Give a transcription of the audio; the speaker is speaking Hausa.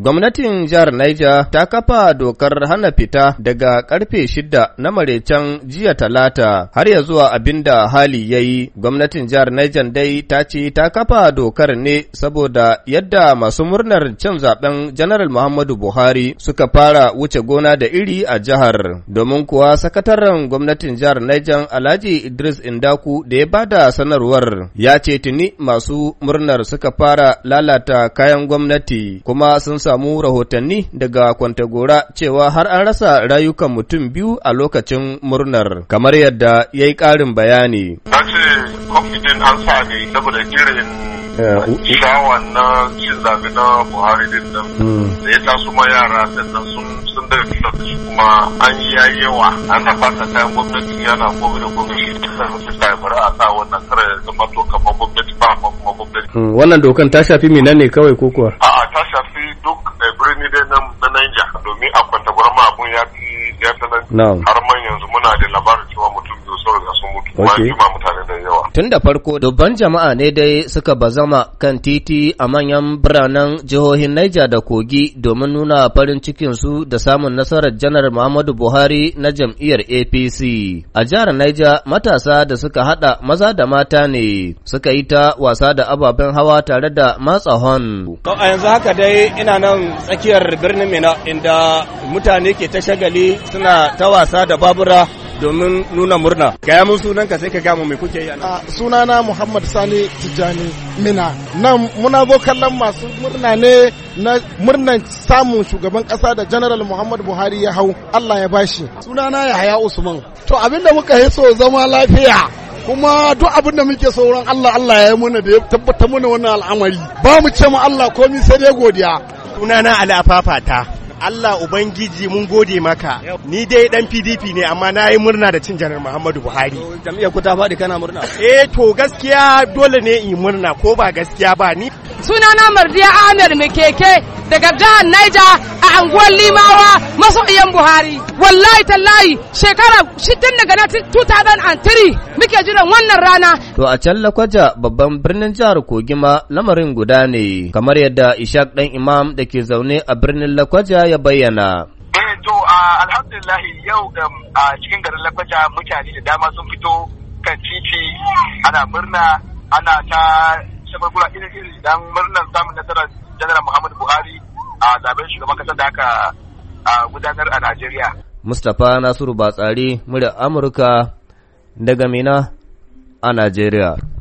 Gwamnatin jihar Niger ta kafa dokar hana fita daga karfe shida na marecen jiya talata har ya zuwa abin da hali ya yi. Gwamnatin jihar Niger dai ta ce ta kafa dokar ne saboda yadda masu murnar cin zaben Janaral Muhammadu Buhari suka fara wuce gona da iri a jihar. Domin kuwa sakataren gwamnatin jihar Niger Alhaji Idris Indaku da ya bada sanarwar ya ce tuni masu murnar suka fara lalata kayan gwamnati kuma sun samu rahotanni daga Kwantagora cewa har an rasa rayukan mutum biyu a lokacin murnar, kamar yadda ya yi ƙarin bayani. Na ce kwamitin an sa ne saboda irin eh, shawan na cin zabi na buhari din nan hmm. da ya taso ma yara sannan sun sun da fitar kuma an yi yawa an na fata kayan gwamnati yana gobe da gobe shi da sun ta bari a sa wannan kare da zama to kamar gwamnati ba amma kuma gwamnati. Hmm, wannan dokan ta shafi minan ne kawai ko kuwa. birni dai na Niger domin a kwanta gwarma abun ya fi ya har man yanzu muna da labarin cewa mutum biyu sun riga sun mutu. Tun da farko dubban jama'a ne dai suka bazama kan titi a manyan biranen jihohin Niger da Kogi domin nuna farin cikinsu da samun nasarar janar Muhammadu Buhari na jam'iyyar APC. A jihar Niger matasa da suka hada maza da mata ne suka yi ta wasa da ababen hawa tare da matsa hon. A yanzu haka dai ina nan tsakiyar birnin Mina inda mutane ke ta shagali suna ta wasa da babura domin nuna murna gaya mun sunan ka sai ka gama mai kuke yana. a sunana muhammad sani tijjani mina nan muna zo kallon masu murna ne na murnan samun shugaban kasa da general muhammad buhari ya hau allah ya bashi sunana yahaya usman to abinda muka yi so zama lafiya kuma duk abin da muke sauran Allah Allah ya yi mana da ya tabbatar mana wannan al'amari ba mu ce mu Allah komi sai dai godiya sunana ala fafata Allah Ubangiji mun gode maka. Ni dai dan PDP ne amma na yi murna da cin janar Muhammadu Buhari. Jam'iyyar ku ta faɗi kana murna? Eh to gaskiya dole ne in murna ko ba gaskiya ba ni. Sunana Mardiya Ahmed Mekeke daga jihar Niger a anguwar Limawa iyan Buhari. Wallahi tallahi shekara shidin daga na 2003 muke jiran wannan rana. To a can Lakwaja babban birnin jihar Kogima lamarin guda ne kamar yadda Ishaq dan Imam da ke zaune a birnin Lakwaja ya bayyana. Eh to alhamdulillah yau a cikin garin Lakwaja mutane da dama sun fito kan titi ana murna ana ta gura iri-iri dan murnar samun nasara. janar muhammadu buhari a zaben shugaban kasar da aka gudanar a najeriya mustapha nasiru batsari murya amurka daga mina a najeriya